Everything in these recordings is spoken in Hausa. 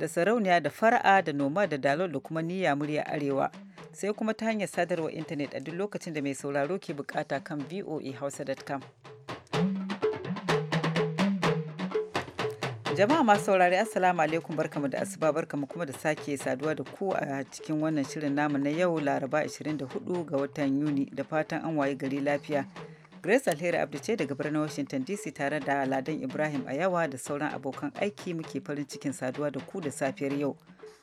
da sarauniya da fara'a da noma da dalol da kuma niyya murya arewa sai kuma ta hanyar sadarwar intanet a duk lokacin da mai sauraro ke bukata kan voahausa.com jama'a masu saurari assalamu alaikum barkamu da asuba barkamu kuma da sake saduwa da ku a cikin wannan shirin namu na yau laraba 24 ga watan yuni da fatan an waye gari lafiya Grace Alheri Abdu ce daga birnin Washington DC tare da Ladan Ibrahim a yawa da sauran abokan aiki muke farin cikin saduwa da ku da safiyar yau.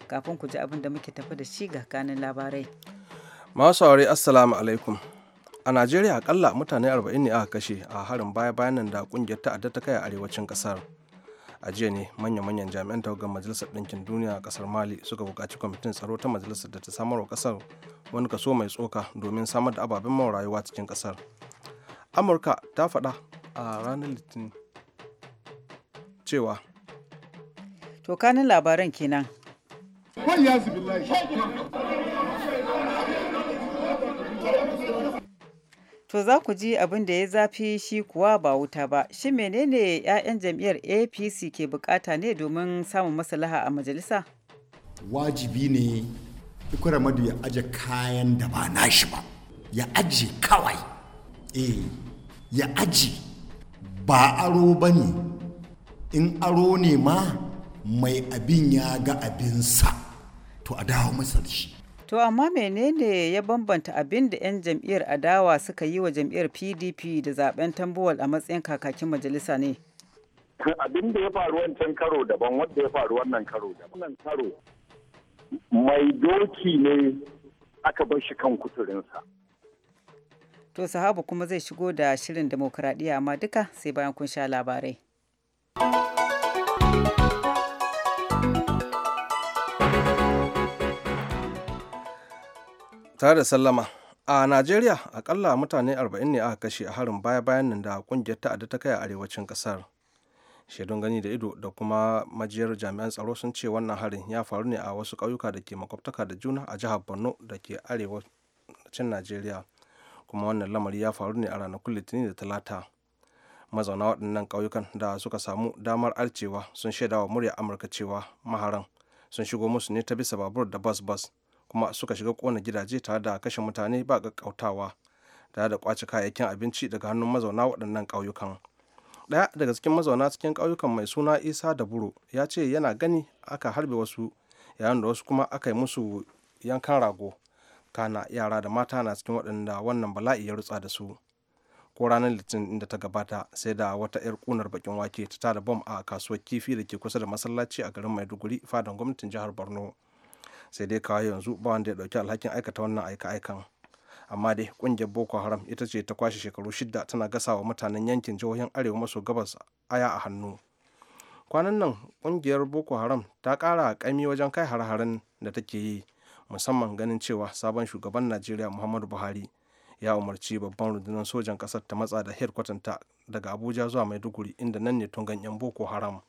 Kafin ku ji abin da muke tafi da shi ga kanin labarai. Masu aure Assalamu alaikum. A Najeriya akalla mutane 40 ne aka kashe a harin baya-bayan nan da kungiyar ta'adda ta kai a arewacin kasar. A jiya ne manya-manyan jami'an tawagar Majalisar Ɗinkin Duniya a kasar Mali suka buƙaci kwamitin tsaro ta majalisar da ta samar wa kasar wani kaso mai tsoka domin samar da ababen rayuwa cikin kasar. amurka ta faɗa a ranar litinin cewa to kanin labaran kenan To za ku ji abin da ya zafi shi kuwa ba wuta ba. Shi menene 'ya'yan jam'iyyar APC ke bukata ne domin samun maslaha a majalisa? Wajibi ne madu ya aje kayan da ba nashi ba, ya aje kawai. Eh. ya aji ba aro ba ne in aro ne ma mai abin ya ga abinsa to a dawo masa da shi to amma menene ya bambanta abin da 'yan jam'iyyar adawa suka yi wa jam'iyyar pdp da zaben tambuwal a matsayin kakakin majalisa ne abin da ya faru wancan karo daban wanda ya faru wannan karo daban wannan karo mai doki ne aka bar shi kan kuturinsa To sahabu kuma zai shigo da shirin demokradiyya amma duka sai bayan kun sha labarai. Tare da sallama, a Najeriya akalla mutane 40 ne aka kashe a harin baya-bayan nan da kungiyar ta'adda ta kai a arewacin kasar. Shaidun gani da ido da kuma majiyar jami'an tsaro sun ce wannan harin ya faru ne a wasu ƙauyuka da ke makwabtaka da juna a jihar Borno da ke arewacin Najeriya. kuma wannan lamari ya faru ne a ranakun litinin da talata mazauna waɗannan ƙauyukan da suka samu damar arcewa sun shaida wa murya amurka cewa maharan sun shigo musu ne ta bisa babur da bas bas kuma suka shiga kona gidaje tare da kashe mutane ba ƙaƙƙautawa tare da kwace kayayyakin abinci daga hannun mazauna waɗannan ƙauyukan ɗaya daga cikin mazauna cikin ƙauyukan mai suna isa da buro ya ce yana gani aka harbe wasu yayin da wasu kuma aka yi musu yankan rago kana yara da mata na cikin waɗanda wannan bala'i ya rutsa da su ko ranar litinin da ta gabata sai da wata 'yar kunar bakin wake ta tada bom a kasuwar kifi da ke kusa da masallaci a garin maiduguri fadan gwamnatin jihar borno sai dai kawai yanzu ba wanda ya dauki alhakin aikata wannan aika-aikan amma dai ƙungiyar boko haram ita ce ta kwashe shekaru shida tana gasa wa mutanen yankin jihohin arewa maso gabas aya a hannu kwanan nan ƙungiyar boko haram ta kara kaimi wajen kai har-haren da take yi musamman ganin cewa sabon shugaban najeriya muhammadu buhari ya umarci babban rundunar sojan kasar ta matsa da ta daga abuja zuwa maiduguri inda nan ne tungan 'yan boko haram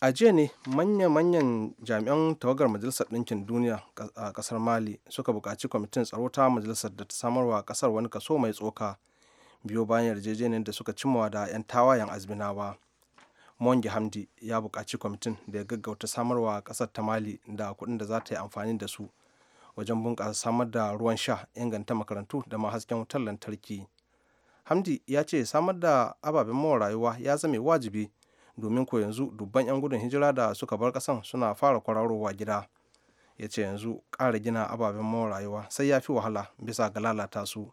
a jiya ne manya-manyan jami'an tawagar majalisar ɗinkin duniya a ƙasar mali suka buƙaci kwamitin tsaro ta majalisar da ta samarwa ƙasar wani kaso mai tsoka biyo bayan yarjejeniyar da suka cimawa da 'yan tawayen azminawa Monge hamdi ya buƙaci kwamitin da ya gaggauta samarwa ƙasar ta mali da kuɗin da za ta yi amfani da su wajen bunƙasa samar da ruwan sha inganta makarantu da ma hasken wutar lantarki hamdi ya ce samar da ababen mawa rayuwa ya zame wajibi domin ko yanzu dubban 'yan gudun hijira da suka bar ƙasan suna fara kwararowa gida ya ce yanzu ƙara gina ababen mawa rayuwa sai ya fi wahala bisa ga lalata su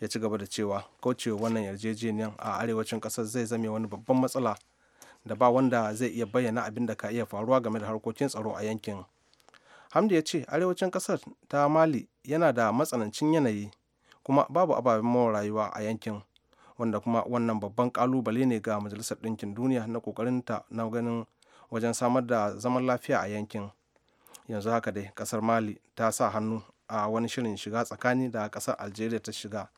ya ci gaba da cewa kaucewa wannan yarjejeniyar a arewacin ƙasar zai zame wani babban matsala da ba wanda zai iya bayyana abin da ka iya faruwa game da harkokin tsaro a yankin hamdu ya ce arewacin kasar ta mali yana da matsanancin yanayi kuma babu ababen mawa rayuwa a yankin wanda kuma wannan babban kalubale ne ga majalisar ɗinkin duniya na ta na ganin wajen samar da zaman lafiya a yankin yanzu haka dai kasar mali ta sa hannu a wani shirin shiga tsakani da kasar algeria ta shiga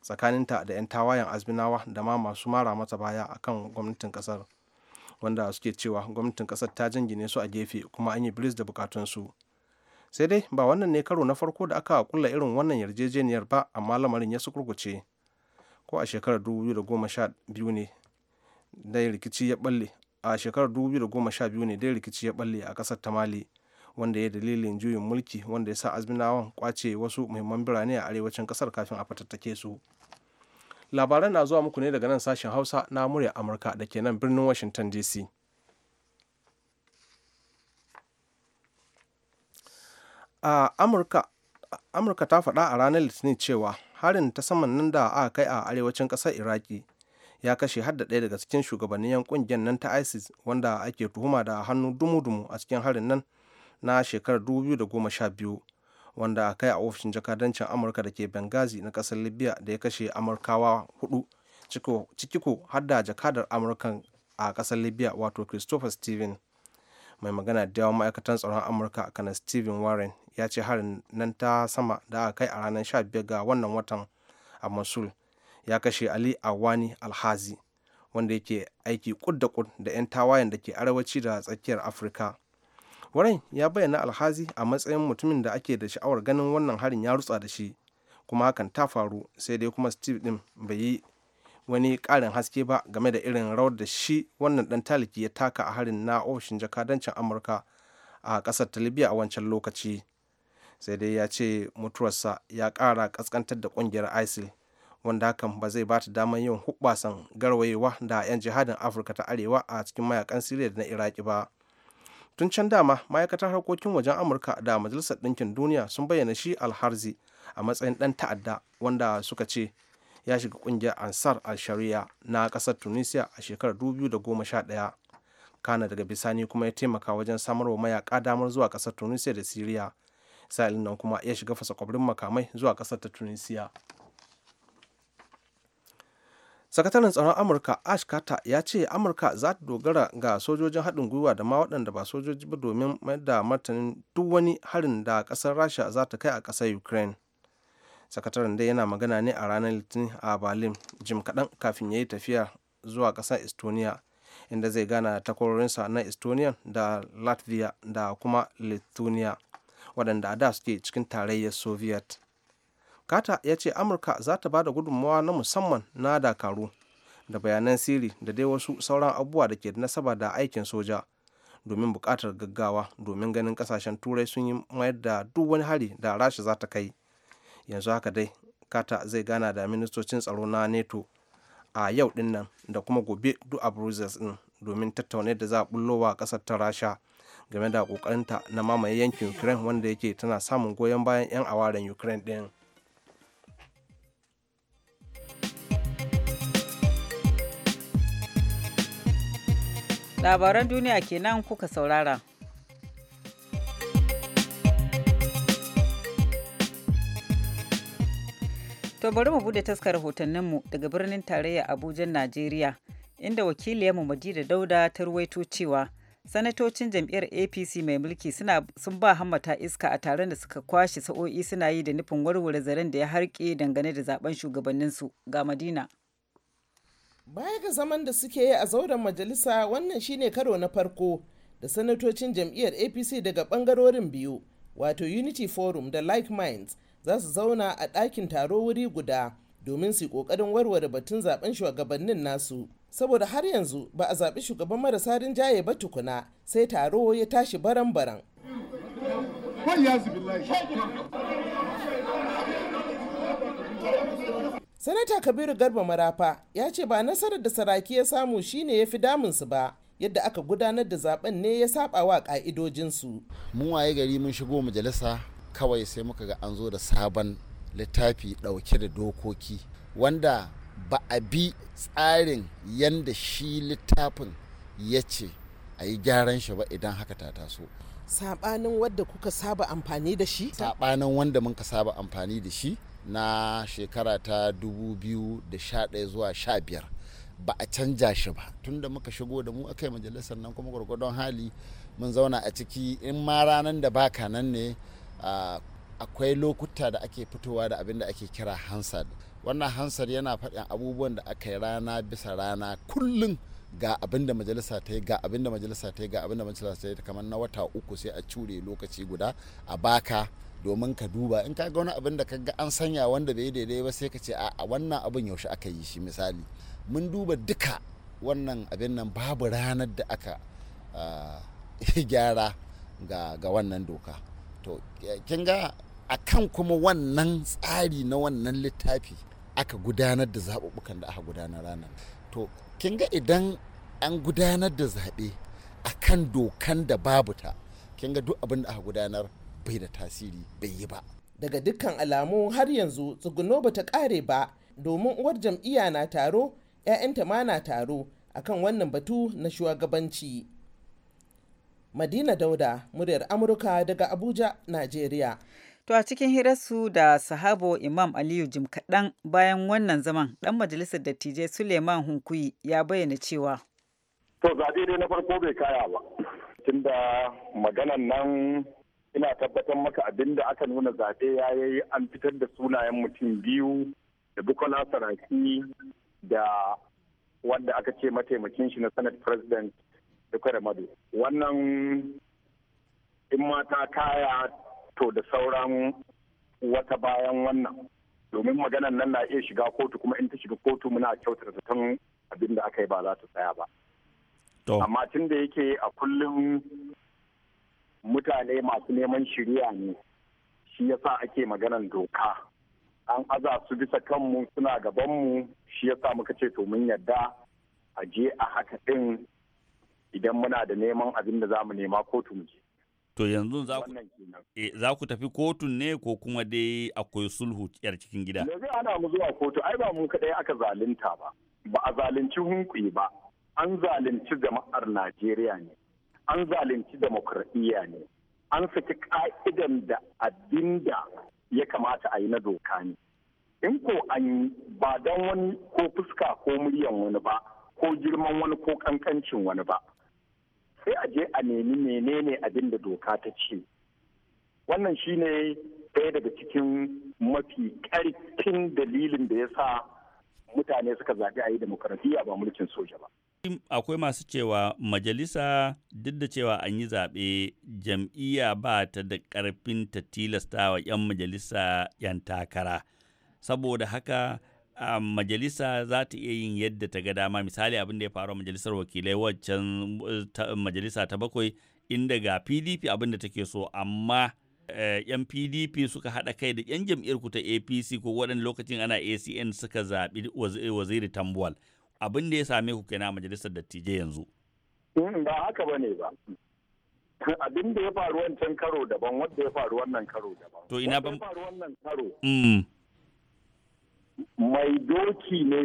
tsakaninta da 'yan tawayen azminawa da ma masu mara mata baya akan gwamnatin kasar wanda suke cewa gwamnatin kasar ta jingine su a gefe kuma an yi bilis da bukatunsu sai dai ba wannan ne karo na farko da aka kulla irin wannan yarjejeniyar ba amma lamarin ya sukurkuce ko a shekarar 2012 ne dai rikici ya balle a shekarar 2012 ne dai rikici ya balle a kasar ta mali wanda ya dalilin juyin mulki wanda ya sa azminawan kwace wasu muhimman birane a arewacin kasar kafin a fatattake su labaran na zuwa muku ne daga nan sashen hausa na murya amurka da ke nan birnin washington dc a amurka ta faɗa a ranar litinin cewa harin ta saman nan da aka kai a arewacin ƙasar iraki ya kashe har da ɗaya daga cikin shugabannin yan ƙungiyar nan ta isis wanda ake tuhuma da hannu dumu-dumu a cikin harin nan na shekarar 2012 wanda a kai a ofishin jakadancin amurka da ke benghazi na kasar libya da ya kashe amurkawa hudu ciki har da jakadar amurkan a kasar libya wato christopher steven mai magana da yawan ma'aikatan tsaron amurka kana steven warren ya ce harin nan ta sama da aka kai a ranar 15 ga wannan watan a mosul ya kashe ali awani alhazi wanda yake aiki kud da kud da 'yan tawayen da ke arewaci da tsakiyar afirka warren ya bayyana alhazi a matsayin mutumin da ake da sha'awar ganin wannan harin ya rutsa da shi kuma hakan ta faru sai dai kuma steve din bai yi wani ƙarin haske ba game da irin rawar da shi wannan dan taliki ya taka a harin na ofishin jakadancin amurka a kasar ta libya a wancan lokaci sai dai ya ce mutuwarsa ya ƙara kaskantar da ƙungiyar isil wanda hakan ba zai bata ta damar yin hubbasan garwayewa da 'yan jihadin afirka ta arewa a cikin mayakan siriya da na iraki ba tun can dama ma'aikatar harkokin wajen amurka da majalisar ɗinkin duniya sun bayyana shi alharzi a matsayin ɗan ta'adda wanda suka ce ya shiga ƙungiyar ansar al-sharia na ƙasar tunisia a shekarar ɗaya kana daga bisani kuma ya taimaka wajen samarwa mayaƙa damar zuwa ƙasar tunisia da siriya sa'ilin nan kuma ya shiga fasa kwabrin makamai zuwa ƙasar ta tunisia sakataren tsaron amurka ash carter ya ce amurka za ta dogara ga sojojin haɗin gwiwa da ma waɗanda ba sojoji ba domin mayar da martanin duk wani harin da ƙasar rasha za ta kai a ƙasar ukraine sakataren dai yana magana ne a ranar litinin a berlin jim kaɗan kafin ya yi tafiya zuwa ƙasar estonia inda zai gana da takwarorinsa na estonia da latvia da kuma lithuania waɗanda a da suke cikin tarayyar soviet kata ya ce amurka za ta ba da gudunmawa na musamman na dakaru da bayanan sirri da dai wasu sauran abubuwa da ke da nasaba da aikin soja domin buƙatar gaggawa domin ganin ƙasashen turai sun yi mayar da duk wani hari da rasha za ta kai yanzu haka dai kata zai gana da ministocin tsaro na neto a yau dinnan da kuma gobe duk a brussels din domin tattaune da za a wa ƙasar ta rasha game da ƙoƙarinta na mamaye yankin ukraine wanda yake tana samun goyon bayan 'yan awaren ukraine din. labaran duniya kenan kuka saurara to bari mu bude taskar rahotanninmu daga birnin tarayya abuja najeriya inda wakiliyarmu madida dauda ta ruwaito cewa sanatocin jam'iyyar apc mai mulki suna sun ba hammata iska a taron da suka kwashe sa'o'i suna yi da nufin warware zaren da ya harke dangane da zaben shugabanninsu ga madina baya ga zaman da suke yi a zauren majalisa wannan shine karo na farko da sanatocin jam'iyyar apc daga bangarorin biyu wato unity forum da like minds za su zauna a ɗakin taro wuri guda domin su ƙoƙarin warware batun zaben shugabannin nasu saboda har yanzu ba a zaɓi shugaban marasa rinjaye ba tukuna sai taro ya tashi baran-baran sanata kabiru garba marafa ya ce ba nasarar da saraki ya samu shine ya fi damunsu ba yadda aka gudanar da zaben ne ya saba wa ka'idojinsu mu waye gari mun shigo majalisa kawai sai muka ga an zo da sabon littafi dauke da dokoki wanda ba a bi tsarin yanda shi littafin ya ce a yi gyaran shi ba idan haka ta taso sabanin wanda kuka saba amfani da shi sabanin wanda muka saba amfani da shi na shekara ta 2011 zuwa 15 ba a canja shi ba tun da muka shigo da mu aka yi majalisar nan kuma gwargwadon hali mun zauna a ciki in ma ranar da baka nan ne akwai lokuta da ake fitowa da abin da ake kira hansar wannan hansar yana faɗin abubuwan da aka yi rana bisa rana kullum ga abin da majalisa ta yi ga abin da majalisa ta yi ga abin da majalisa ta yi kamar na wata uku sai a cure lokaci guda a baka domin ka duba in ka ga wani abin da ka ga an sanya wanda bai daidai ba sai ka ce a wannan abin yaushe aka yi shi misali mun duba duka wannan abin nan babu ranar da aka ah, gyara ga wannan doka to kin ga a kan kuma wannan tsari na wannan littafi aka gudanar da zaɓuɓɓukan da aka gudanar ranar to kin ga idan an gudanar da zaɓe a kan dokan da babu ta kin ga duk abin da aka gudanar bai da tasiri bai yi ba daga dukkan alamu har yanzu tsuguno bata kare ba domin uwar jam'iyya na taro 'ya'yanta ma na taro akan wannan batu na shugabanci madina dauda muryar amurka daga abuja najeriya To a cikin hirarsu da sahabo Imam Aliyu jim kaɗan bayan wannan zaman ɗan majalisar dattijai Suleiman Hunkuyi ya bayyana cewa. To zaɓe dai na farko bai kaya ba. Tunda maganan nan ina tabbatar maka abin da aka nuna zaɓe ya yi an fitar da sunayen mutum biyu da bukola saraki da wanda aka ce mataimakin shi na senate president da madu wannan in mata kaya to da sauran wata bayan wannan domin maganan nan na iya shiga kotu kuma in ta shiga kotu muna kyautar zaton abin da aka yi ba za ta tsaya ba amma tun da yake a kullum mutane masu neman shiriya ne shi yasa ake maganan doka an aza su bisa kanmu suna gabanmu shi yasa muka ce to mun yadda a je a haka ɗin idan muna da neman abin da za mu nema kotun mu To yanzu eh, za ku tafi kotun ne ko kuma dai akwai sulhu yar cikin gida? Da zai ana mu zuwa kotu ai ba mu kaɗai aka zalunta ba. Ba a zalunci hunkuyi ba. An zalunci jama'ar Najeriya ne. an zalunci demokradiyya ne an saki ka'idan da abin da ya kamata a yi na doka ne in ko an ba don wani ko fuska ko muryan wani ba ko girman wani ko kankancin wani ba sai a je a nemi menene abin da doka ta ce wannan shine ɗaya daga cikin mafi ƙarfin dalilin da ya sa mutane suka zaɓi a yi demokaradiyya ba mulkin soja ba. akwai masu cewa majalisa duk da cewa an yi zaɓe jam'iyya ba ta da ƙarfin ta tilasta wa 'yan majalisa 'yan takara saboda haka a majalisa za ta iya yin yadda ta ga dama misali abin da ya faru majalisar wakilai waccan majalisa ta bakwai inda ga pdp abin da take so amma yan e, pdp suka haɗa kai da yan jam'iyyar ku ta apc ko waɗanda lokacin ana acn suka zaɓi waziri tambuwal abin da ya same ku kenan majalisar dattijai yanzu. Hmm, ba haka ba ne ba abin da ya faru wancan karo daban wanda ya faru wannan karo daban to ina ban faru wannan karo hmm. mai doki ne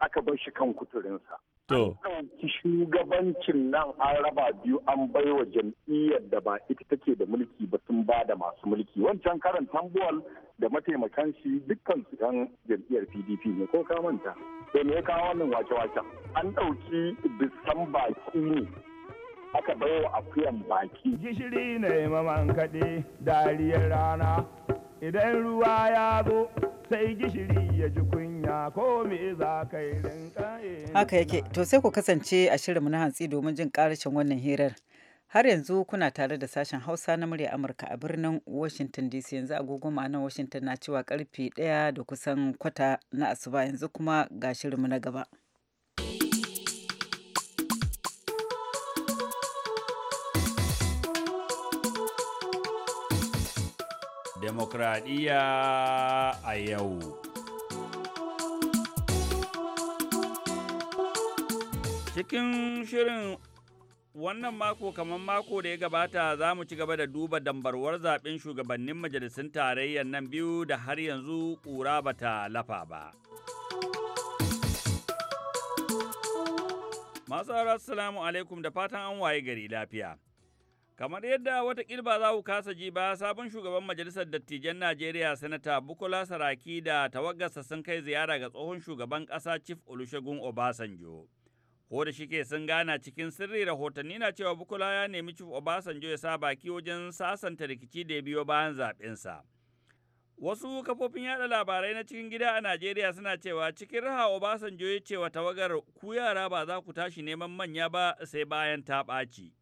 aka bar shi kan kuturinsa to ɗauki shugabancin nan an raba biyu an baiwa jam'iyyar da ba ita take da mulki ba sun ba da masu mulki wancan karan tambuwal da mataimakan shi dukkan su kan jam'iyyar pdp ne ko ka manta da me ya kawo wannan wace wace an ɗauki bisan baki ne aka bai wa akuyan baki. Gishiri ne maman kaɗe dariyar rana idan ruwa ya zo sai gishiri ya ji kunya ko me za ka yi rinka Haka yake to sai ku kasance a shirinmu na hantsi domin jin ƙarashin wannan hirar. Har yanzu kuna tare da sashen Hausa na murya Amurka a birnin Washington DC yanzu agogo ma'anar Washington na cewa karfe ɗaya da kusan kwata na asuba yanzu kuma ga shirinmu na gaba. Demokradiyya a yau. Cikin shirin wannan mako kamar mako da ya gabata za mu ci gaba da duba dambarwar zaben shugabannin majalisun tarayyar nan biyu da har yanzu ƙura bata lafa ba. Masu assalamu alaikum da fatan an waye gari lafiya. Kamar yadda wata ba za ku kasa ji ba, sabon shugaban Majalisar Dattijan Najeriya Sanata Bukola Saraki da tawagarsa sun kai ziyara ga tsohon shugaban ƙasa Chief Olusegun Obasanjo. Ko da shike sun gana cikin sirri rahotanni na cewa Bukola ya nemi Chief Obasanjo ya sa baki wajen sasanta rikici da biyo bayan zaɓensa. Wasu kafofin yada labarai na cikin gida a Najeriya suna cewa cikin raha Obasanjo ya cewa tawagar ku yara ba za ku tashi neman manya ba sai bayan ta ɓaci.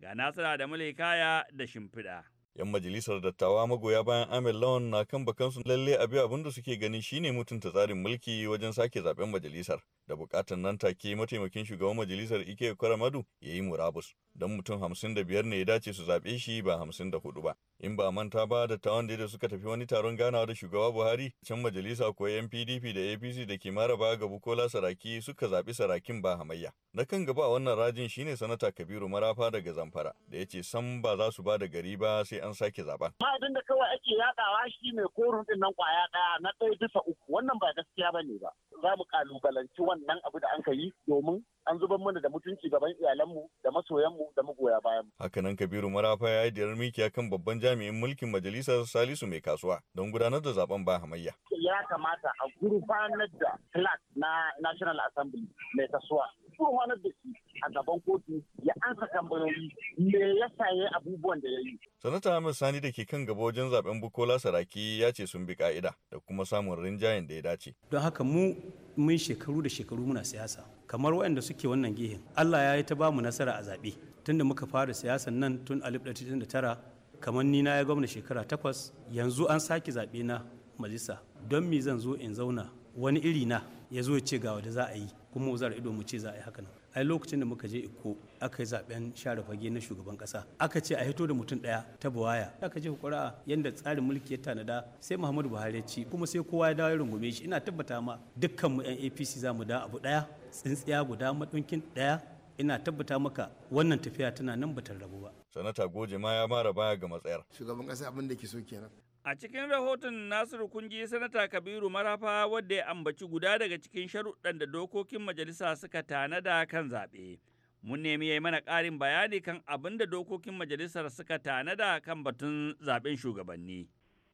Ga nasara da kaya da Shimfiɗa. 'yan majalisar dattawa magoya bayan Amir Lawan na kan bakansu lalle abi abin da suke gani shine mutunta tsarin mulki wajen sake zaben majalisar. da bukatar nan take mataimakin shugaban majalisar Ike Kwaramadu ya yi murabus don mutum hamsin da biyar ne ya dace su zaɓe shi ba hamsin da hudu ba. In ba manta ba da tawan da suka tafi wani taron ganawa da shugaba Buhari can majalisa ko npdp da APC da ke maraba ga Bukola Saraki suka zaɓi Sarakin ba hamayya. Na kan gaba a wannan rajin shine sanata Kabiru Marafa daga Zamfara da ya ce san ba za su ba da gari ba sai an sake ma Ma'adin da kawai ake yadawa shi ne korun ɗin kwaya ɗaya na ɗaya bisa uku wannan ba gaskiya ba ne ba. Za mu kalubalanci wannan wannan abu da an ka yi domin an zubar mana da mutunci gaban iyalanmu da masoyanmu da magoya bayanmu. Hakanan Kabiru Marafa ya yi diyar mikiya kan babban jami'in mulkin majalisar Salisu mai kasuwa don gudanar da zaben ba hamayya. Ya kamata a gurfanar da flag na National Assembly mai kasuwa. Gurfanar da shi a gaban kotu ya ansa tambayoyi me yasa ya abubuwan da ya yi. Sanata Ahmed Sani da ke kan gaba wajen zaben Bukola Saraki ya ce sun bi ka'ida da kuma samun rinjayen da ya dace. Don haka mu mun shekaru da shekaru muna siyasa kamar waɗanda suke wannan gihin Allah ya yi ta bamu nasara a zaɓe tunda muka fara siyasan nan tun da tara kamar ni na ya gwamna shekara takwas yanzu an sake zaɓe na majalisa don me zan zo in zauna wani iri na ya zo ya ce ga wanda za a yi kuma mu zara ido mu ce za a yi haka nan ai lokacin da muka je iko aka yi zaben share fage na shugaban kasa aka ce a hito da mutum daya ta buwaya aka je hukura yanda tsarin mulki ya tanada sai muhammadu buhari ya ci kuma sai kowa ya dawo ya rungume shi ina tabbata ma dukkan mu yan apc za mu da abu daya tsintsiya guda madunkin daya ina tabbata maka wannan tafiya tana nan batar rabu ba sanata goje ma ya mara baya ga matsayar shugaban kasa abin da ke so kenan A cikin rahoton Nasiru kungi Sanata Kabiru Marafa wadda ya ambaci guda daga cikin sharuɗan da dokokin majalisa suka tanada kan zaɓe. Mun nemi ya yi mana ƙarin bayani kan abin da dokokin majalisar suka tanada kan batun zaɓen shugabanni.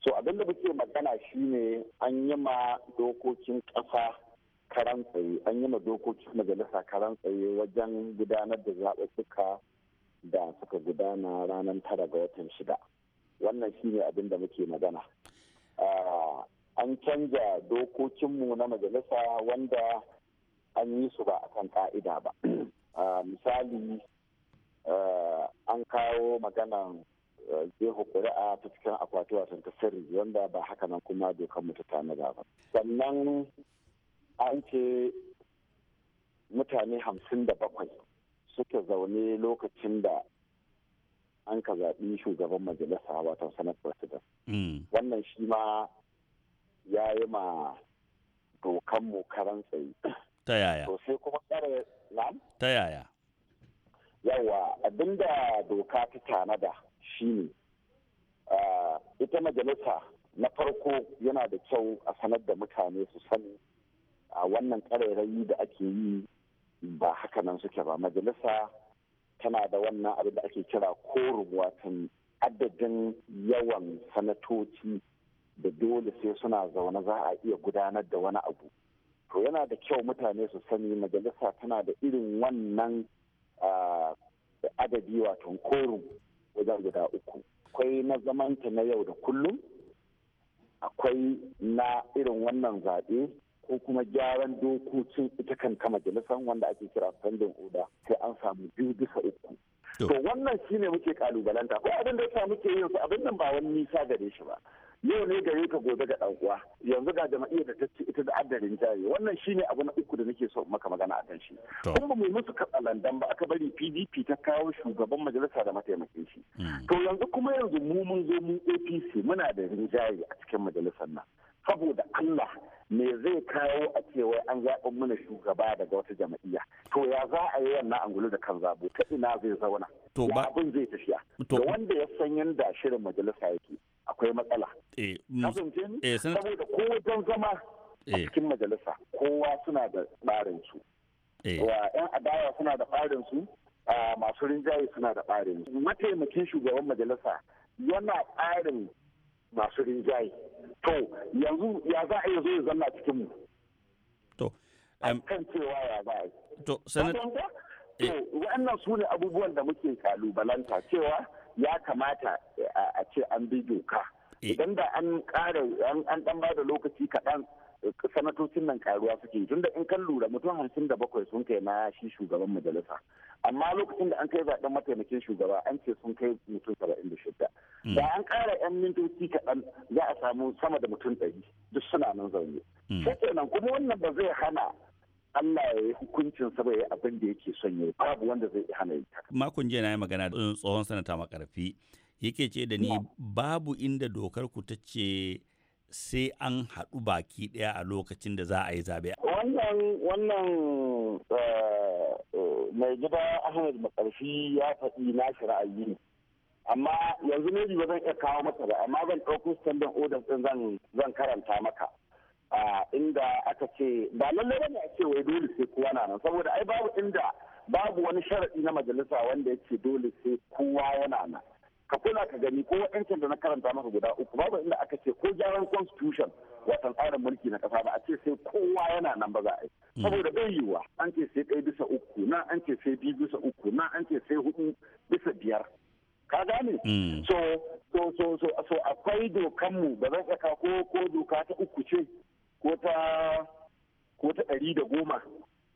So abin da muke magana shine an yi ma dokokin ƙasa karan tsaye, an yi ma dokokin majalisa karan tsaye wajen gudanar da zaɓe suka da suka gudana ranar tara ga watan shida. wannan shine abin da muke magana an canja dokokinmu na majalisa wanda an yi su ba a kan ka'ida ba misali an kawo maganan jeho ƙuri'a ta cikin akwati wasan ta sirri wanda ba haka nan kuma dokar ta tanada ba sannan an ce mutane hamsin da bakwai suke zaune lokacin da an ka zaɓi shugaban majalisa wato senate president mm. wannan shi ma ya yi ma dokanmu karan tsaye ta yaya to sai kuma tsare nan ta yaya yawa abinda doka ta tanada ne ita majalisa na farko yana da kyau a sanar da mutane su sani a wannan ƙarairayi da ake yi ba haka nan suke ba majalisa tana da wannan abin da ake kira korum watan adadin yawan sanatoci da dole sai suna zaune za a iya gudanar da wani abu to yana da kyau mutane su sani majalisa tana da irin wannan adadi wato korum wajen guda uku akwai na zamanta na yau da kullum akwai na irin wannan zaɓe ko kuma gyaran dokokin ita kan kama majalisar wanda ake kira standing oda sai an samu biyu bisa uku to wannan shine muke kalubalanta ko abin da yasa muke yin su abin nan ba wani nisa gare shi ba yau ne gare ka gobe ga dan uwa yanzu ga jama'iyyar da ta ci ita da addarin jari wannan shine abu na uku da nake so maka magana akan shi kuma ba mu musu katsalandan ba aka bari PDP ta kawo shugaban majalisa da mataimakin shi hmm. to yanzu kuma yanzu mu mun zo mu APC muna da rinjaye a cikin majalisar nan saboda Allah me zai kawo a cewa an zaɓi mana shugaba daga wata jama'iyya to ya za a yi wannan angulu da kan zabo ta ina zai zauna to ba abin zai tafiya to wanda ya san yanda shirin majalisa yake akwai matsala eh, mm, eh saboda ko wajen zama a eh. cikin majalisa kowa suna da tsarin su eh. wa yan adawa suna da tsarin su masu rinjaye suna da tsarin su mataimakin shugaban majalisa yana tsarin masu rinjaye to yanzu ya za a yi zai zanna cikin mu to kan cewa ya za a yi to eh. wa'annan su ne abubuwan da muke kalubalanta cewa ya kamata eh, a ce an bi doka eh. idan da an ƙara an dan ba da lokaci kaɗan sanatocin nan karuwa suke da in kan lura mutum hamsin da bakwai sun kai na shi shugaban majalisa amma lokacin da an kai zaɓen mataimakin shugaba an ce sun kai mutum saba'in da shida hmm. da an ƙara yan mintoci kaɗan za a samu sama da mutum ɗari duk suna nan zaune hmm. nan kuma wannan ba zai hana Allah ya yi hukuncin saboda ya abin da yake son ya babu wanda zai hana yi makon jiya na yi magana da tsohon sanata makarfi yake ce da ni babu inda dokar ku ta ce sai an haɗu baki ɗaya a lokacin da za a yi zaɓe. Wannan wannan eh, mai gida Ahmed Makarfi ya faɗi nashi ra'ayi ne. Amma yanzu ne ba zan iya kawo maka ba, amma zan ɗauko standing orders ɗin zan zan karanta maka. inda aka ce ba lallai bane a ce wai dole sai kowa na nan saboda ai babu inda babu wani sharaɗi na majalisa wanda yake dole sai kowa yana nan. ka kula ka gani ko waɗancan da na karanta maka guda uku babu inda aka ce ko gyaran constitution watan tsarin mulki na kasa ba a ce sai kowa yana nan ba za a yi hmm. saboda bai yiwuwa an ce sai ɗaya bisa uku na an ce sai biyu bisa uku na an ce sai hudu bisa biyar ka gane hmm. so so so so so akwai dokanmu ba zan tsaka ko ko doka ta uku ce ko ta ko ta ɗari da goma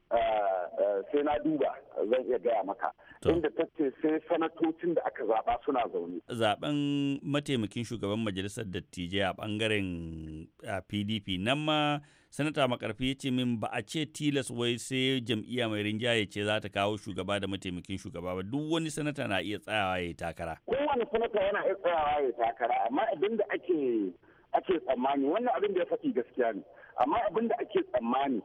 Eh, eh, sai na duba zan iya gaya maka inda ta ce sai sanatocin da aka zaba suna zaune. Zaben mataimakin shugaban majalisar dattijai a bangaren PDP nan ma sanata makarfi ya ce min ba a ce tilas wai sai jam'iyya mai rinjaye ce za ta kawo shugaba da mataimakin shugaba ba duk wani sanata na iya tsayawa ya takara. Kowane sanata yana iya tsayawa ya takara amma abin da ake ake tsammani wannan abin da ya faɗi gaskiya ne amma abin da ake tsammani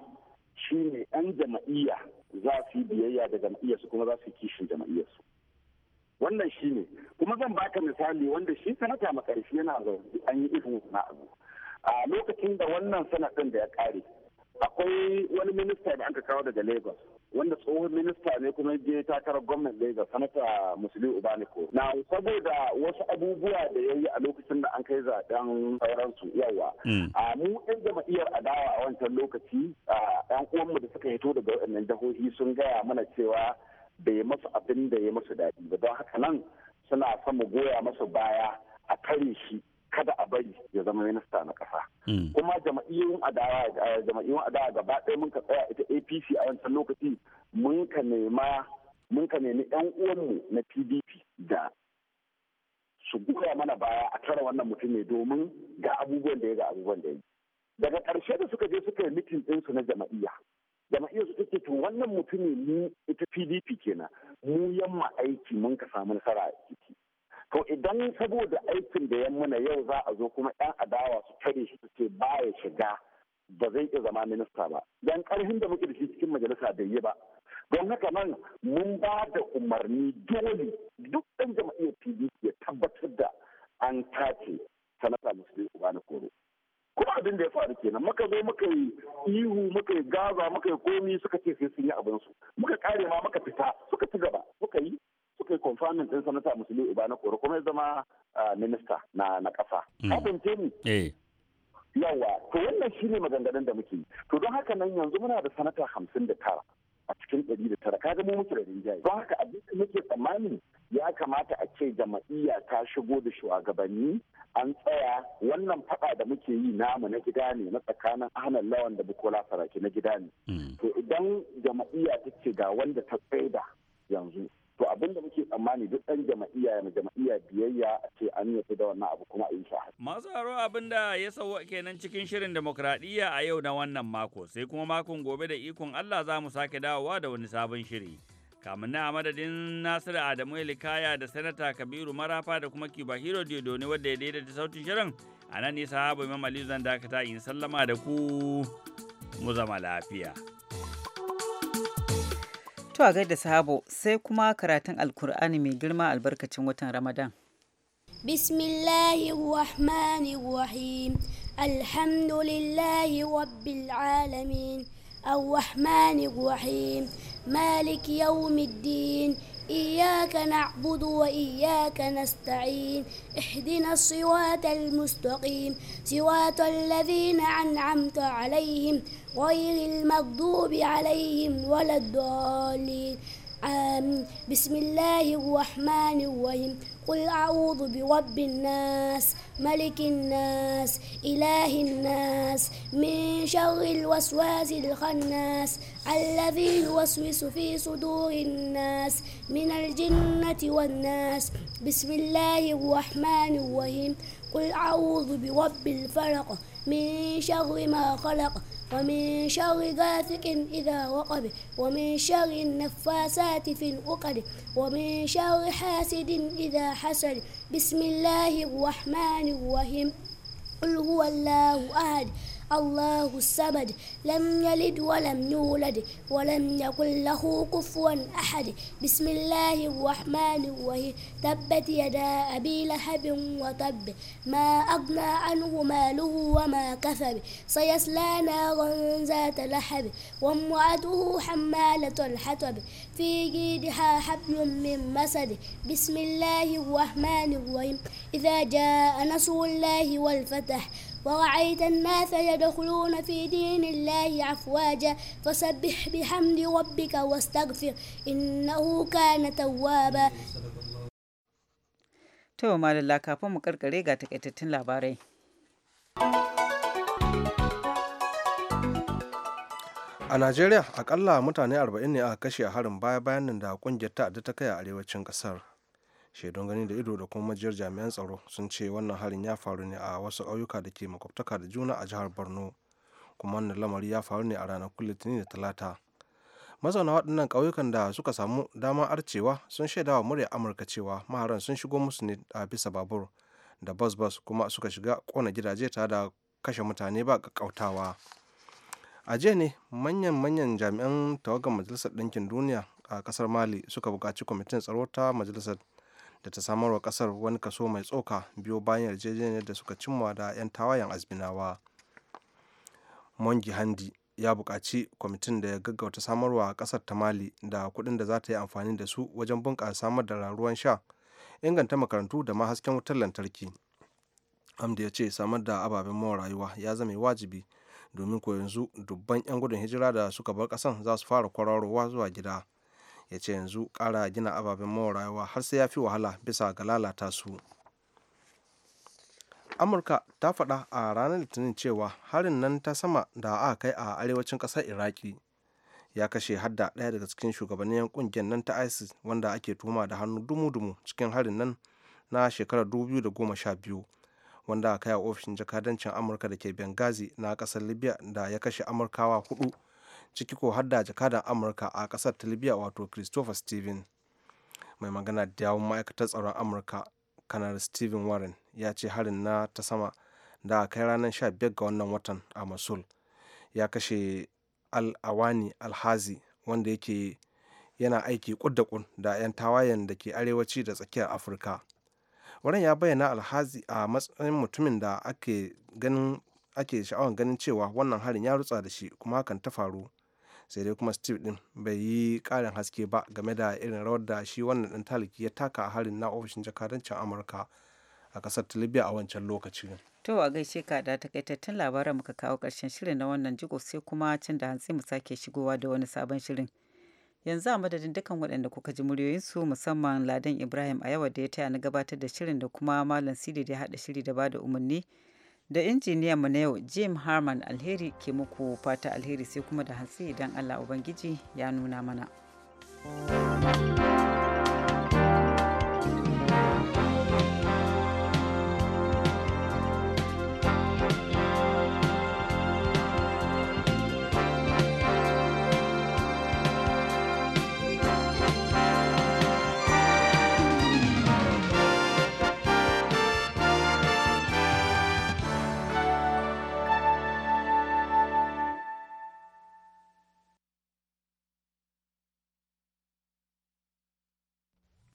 shi ne 'yan jama'iyya za su yi biyayya da jama'iyyarsu kuma za su yi kishin jama'iyyarsu wannan shi ne kuma zan baka misali wanda shi sanata makarfi yana zaune an yi irin na abu a lokacin da wannan sanatan da ya kare akwai wani minista da aka kawo daga lagos wanda tsohon minista ne kuma je takarar gwamnan Lagos sanata Musuli Ubaniko. Na saboda wasu abubuwa da ya yi a lokacin da an kai zaben sauransu yawa. Mm. A mu ɗan jama'iyar adawa a wancan lokaci ɗan uwanmu da suka hito daga waɗannan jihohi sun gaya mana cewa bai masu abin da ya masu daɗi ba don haka nan suna son mu goya masu baya a kare shi kada a bari ya zama minista na ƙasa. Mm. kuma jama'iyyun adawa jama'iyyun adawa gaba ɗaya mun ka tsaya ita APC a wancan lokaci mun ka nema mun ka nemi yan uwanmu na PDP da su goya mana baya a tara wannan mutum ne domin ga abubuwan da ya ga abubuwan da ya yi daga ƙarshe da suka je suka yi mitin ɗinsu na jama'iyya jama'iyyar su take to wannan mutum ne mu ita PDP kenan mu yamma aiki mun ka samu nasara a ciki to idan saboda aikin da yan muna yau za a zo kuma yan adawa su tare shi su ce baya shiga ba zai iya zama minista ba dan karfin da muke da shi cikin majalisa bai yi ba don haka nan mun ba da umarni dole duk ɗan jama'iyyar pdp ya tabbatar da an tace sanata musulmi uba na koro kuma abin da ya faru kenan muka zo muka yi ihu muka yi gaza muka yi komi suka ce sai sun yi abin su muka kare ma muka fita suka ci gaba muka yi suka yi confirming din sanata musulmi ibana koro kuma ya zama ah, minista na na kasa hmm. kafin ni eh. yawa to wannan shine maganganun da muke to don haka nan yanzu muna da sanata hamsin da tara a cikin ɗari da tara kaga mu muke da rinjaye don haka abin da muke tsammani ya kamata a ce jama'iyya ta shigo da shugabanni an tsaya wannan faɗa da muke yi namu na gida ne na tsakanin ahmed lawan da bukola saraki na gida ne hmm. to idan jama'iyya ta ce ga wanda ta tsaida yanzu to abin da muke tsammani duk ɗan jama'iyya ya jama'iyya biyayya a ce an yi da wannan abu kuma a yi shahada. masu haro abin da ya sauwa kenan cikin shirin demokradiyya a yau na wannan mako sai kuma makon gobe da ikon allah za mu sake dawowa da wani sabon shiri. kamun na madadin nasiru adamu elikaya da sanata kabiru marafa da kuma kiba hero diodo ne wadda ya daidaita sautin shirin a nan nisa habu imam zan dakata in sallama da ku mu zama lafiya. To a da sahabo sai kuma karatun Alkur'ani mai girma albarkacin watan Ramadan. Bismillahirrahmanirrahim. Alhamdulillahi rabbil alamin. الرحمن الرحيم مالك يوم الدين إياك نعبد وإياك نستعين اهدنا الصراط المستقيم صراط الذين أنعمت عليهم غير المغضوب عليهم ولا الضالين آمين بسم الله الرحمن الرحيم قل أعوذ برب الناس ملك الناس إله الناس من شر الوسواس الخناس الذي يوسوس في صدور الناس من الجنة والناس بسم الله الرحمن الرحيم قل أعوذ برب الفلق من شر ما خلق ومن شر غاسق إذا وقب ومن شر النفاسات في العقد ومن شر حاسد إذا حسد بسم الله الرحمن الرحيم قل هو الله أحد الله الصمد لم يلد ولم يولد ولم يكن له كفوا أحد بسم الله الرحمن الرحيم تبت يدا أبي لهب وتب ما أغنى عنه ماله وما كسب سيصلى نارا ذات لهب وامرأته حمالة الحطب في جيدها حبل من مسد بسم الله الرحمن الرحيم إذا جاء نصر الله والفتح ورأيت الناس يدخلون في دين الله أفواجا فسبح بحمد ربك واستغفر إنه كان توابا To Malalla kafin mu karkare ga takaitattun labarai. A Najeriya akalla mutane 40 ne aka kashe a harin baya bayan da kungiyar ta'adda ta kai a arewacin kasar. shaidun gani da ido da kuma majiyar jami'an tsaro sun ce wannan harin ya faru ne a wasu ƙauyuka da ke makwabtaka da juna a jihar borno kuma wannan lamari ya faru ne a ranakun litinin da talata mazauna waɗannan ƙauyukan da suka samu damar arcewa sun shaida wa murya amurka cewa maharan sun shigo musu ne a bisa babur da bas bas kuma suka shiga kona gidaje tare da kashe mutane ba ƙaƙƙautawa a jiya ne manyan manyan jami'an tawagar majalisar ɗinkin duniya a ƙasar mali suka buƙaci kwamitin tsaro ta majalisar da ta samarwa kasar wani kaso mai tsoka biyo bayan yarjejeniyar da suka cimma da 'yan tawayen azbinawa mongi handi ya buƙaci kwamitin da ya gaggauta samarwa ƙasar ta mali da kuɗin da za ta yi amfani da su wajen bunƙasa samar da ruwan sha inganta makarantu da ma hasken wutar lantarki amda ya ce samar da ababen mawa rayuwa ya zama wajibi domin ko yanzu dubban 'yan gudun hijira da suka bar ƙasan za su fara kwararowa zuwa gida ya ce yanzu kara gina ababen mawa rayuwa har sai ya fi wahala bisa ga lalata su amurka ta faɗa a ranar litinin cewa harin nan ta sama da aka kai a arewacin ƙasar iraki ya kashe hadda ɗaya daga cikin shugabannin ƙungiyar nan ta isis wanda ake tuma da hannu dumu-dumu cikin harin nan na shekarar 2012 wanda aka kai a ofishin jakadancin amurka da ke benghazi na ƙasar libya da ya kashe amurkawa hudu ciki ko har da jakadan amurka a kasar ta wato christopher steven mai magana da yawon ma'aikatar tsaron amurka kanar steven warren ya ce harin na ta sama da kai ranar 15 ga wannan watan a mosul ya kashe alawani alhazi wanda yake yana aiki kudakun da da 'yan tawayen da ke arewaci da tsakiyar afirka wurin ya bayyana alhazi a matsayin mutumin da ake ganin ake sha'awar ganin cewa wannan harin ya rutsa da shi kuma hakan ta faru sai dai kuma steve din bai yi karin haske ba game da irin rawar da shi wannan dan taliki ya taka a harin na ofishin jakadancin amurka a kasar libya a wancan lokaci to a gaishe ka da takaitattun labaran muka kawo karshen shirin na wannan jiko sai kuma can da hantsi mu sake shigowa da wani sabon shirin yanzu a madadin dukkan waɗanda kuka ji muryoyinsu musamman ladan ibrahim a yawa da ya taya na gabatar da shirin da kuma malam sidi da ya haɗa shiri da bada umarni da injiniyan mu na yau jim harman alheri ke muku fata alheri sai kuma da hantsi idan allah ubangiji ya nuna mana.